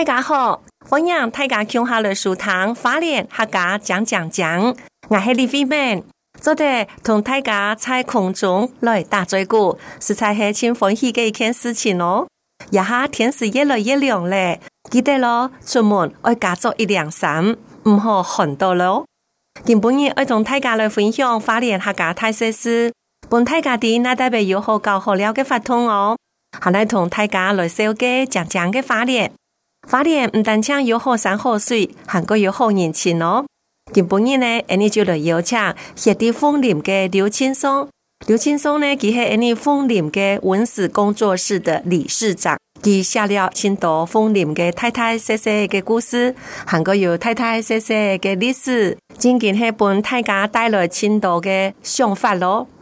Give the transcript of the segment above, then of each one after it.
大家好，歡迎大家聽下了書堂花蓮客家講講講。𠊎 係李飛明，們，昨天同大家在空中來打嘴鼓，實在是才黑前歡喜的一件事情哦。一下天時越來越涼嘞，記得咯，出門愛加着一領衫，唔好寒到咯。原本夜愛同大家來分享花蓮客家特色詩，本客家的那代表有好高好料嘅法通哦。後來同大家來收個講講嘅花蓮。發連唔單唱有好山好水，還國有好人情哦。今半呢，a 就來邀請雪地鳳林》風的劉青松。劉青松呢，是系 a n 風鳳林的文史工作室的理事長。佢寫了青島鳳林的太太細細的故事，很多有太太細細的歷史。今今喺本大家帶來青島的想法咯。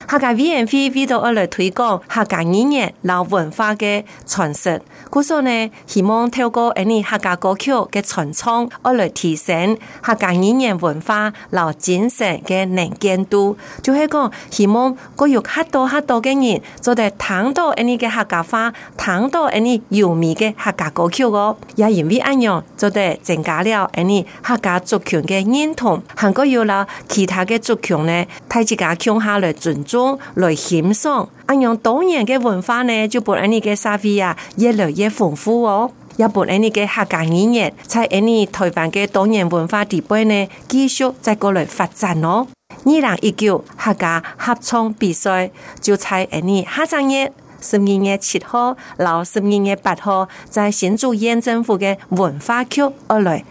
這 v v 來客家 VNF 俾到我嚟推廣客家語言、老文化的傳承，故所呢，希望透過呢啲客家歌曲嘅傳唱，我來提升客家語言文化、老精神的能見度。就係講，希望嗰有好多好多嘅人做得坦多呢客家話，坦到呢啲優美嘅客家歌曲，哦，也因為一樣做得增加了呢啲客家族群嘅認同，還至啦其他嘅族群呢，大家架下來傳中來欣賞，阿用兩岸嘅文化呢，就撥你個社會啊，越來越豐富哦，也撥你個客家語言，在你的台灣嘅兩岸文化底蘊呢，繼續再過來發展哦。二零一九客家合唱比賽就喺你下周一十二月七號到十二月八號，在新竹縣政府的文化局二樓。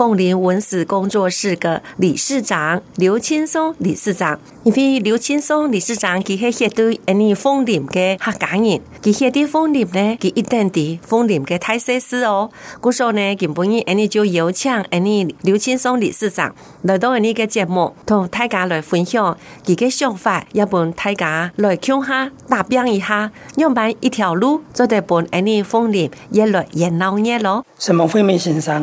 鳳林文史工作室的理事長劉青松理事長，因為劉青松理事長，他係是對安尼鳳林嘅客家人，佢係啲鳳林呢，佢一定啲鳳林嘅泰式事哦。故說呢，今半夜安尼就邀請安尼劉青松理事長來到呢個節目，同大家來分享佢的想法，也幫大家來搶下答辯一下，用辦一條路，做得幫安尼鳳林越來越熱鬧咯。什麼惠民民生？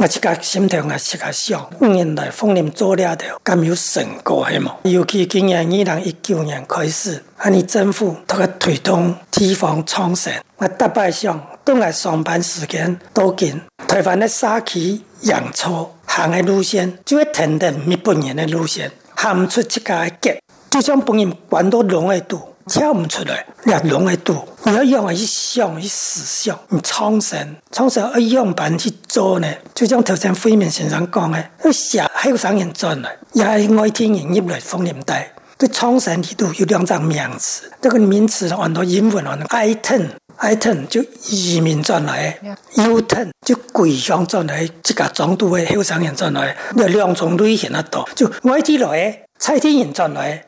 我這家心態，我這家想，五年來鳳林做了的，敢沒有成功係冇？尤其今年二零一九年開始，啊，你政府都佮推動地方創新，我大排想都來上班時間多近，台灣的三企、洋車行嘅路線，就會停停密不年的路線，行唔出這家嘅街，就像本人管到籠個肚。跳唔出嚟，你用嘅多，你要用一想一思想，你創生，創生要用笨去做呢？就像頭先費明先生講嘅，要寫後生人轉來，又係愛外地人入嚟封領帶。對創生呢度有兩張名詞，呢、這個名詞按照英文，按照 I turn，I turn 就移民轉嚟 Yeah.，U turn 就歸鄉轉嚟，即個莊都的後生人轉嚟，有兩種類型的多，就外地來的，蔡遷人轉來的。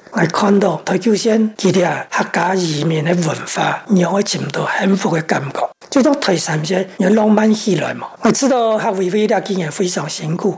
我看到台球聲佢哋客家移民的文化，讓我見到幸福的感覺。最多台三只有浪漫起來嘛，我知道佢維維啲經驗非常辛苦。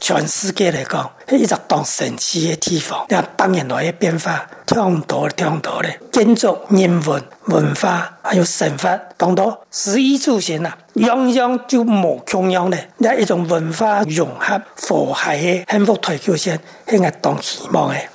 全世界來講是一直當神奇的地方，當百年來的變化，聽到了，聽到了建築人文文化，還有神話當等衣食住行啊，樣樣就沒窮樣的一種文化融合和諧的幸福退休線，是我當希望的。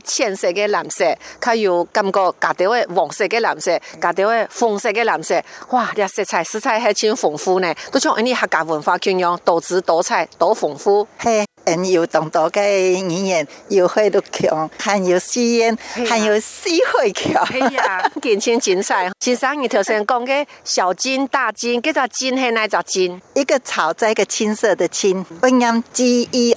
淺色嘅藍色，佢有咁個加到嘅黃色嘅藍色，加到嘅紅色嘅藍色，哇！啲色彩色彩係超豐富呢，都像印尼客家文化咁樣，多姿多彩，多豐富。嘿，印尼有咁多個語言，有開都強，還有詩言，還有詩會橋，哎呀，堪稱精彩。先生，你頭先講嘅小金大金，嗰隻金係哪隻金？一個草，再一個青色的青，G E。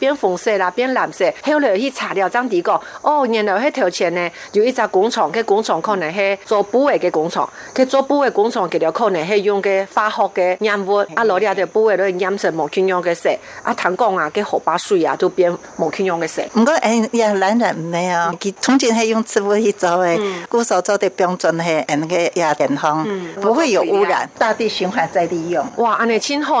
變紅色啦，變藍色，後來去擦掉髒地個。哦，然後去投錢呢，有一個工廠，佮工廠可能去做部位的工廠，去做部位工廠佢哋可能係用的化學的染物，嗯啊的物的，啊，落去阿部補位都染成冇汃用的色，啊，碳鋼啊，佮河把水啊，都變冇汃用的色。唔過哎呀，懶人唔咩啊，佢從前係用植物去做的，嗯，佢所做嘅標準的，嗯嘅也健康，嗯，不會有污染，嗯、大地循環再利用。哇，安尼真好。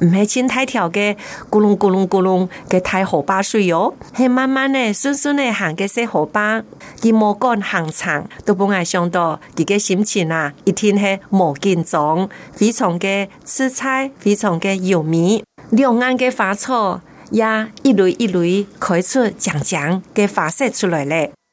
唔是纖細條嘅咕隆咕隆咕隆嘅大河巴水喲、哦，係慢慢的順順的行嘅細河巴，既冇干行長，都不愛想到自個心情啊，一天係冇見狀，非常嘅刺菜，非常嘅油米，兩岸嘅花草也一縷一縷開出長長的花色出來咧。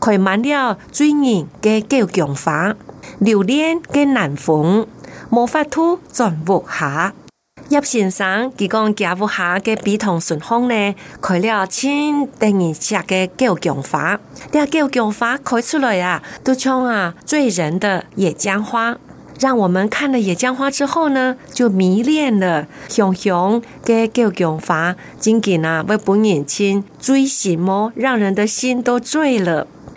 開滿了醉人的九宮花，留戀嘅南風，無法吐盡落下。葉先生，佢講夾不下的筆筒順風呢，開了千多年生的九宮花，啲九宮花開出來呀，都像啊醉人的野薑花。讓我們看了野薑花之後呢，就迷戀了熊熊嘅九宮花，真嘅啊，不不年輕，醉什麼，讓人的心都醉了。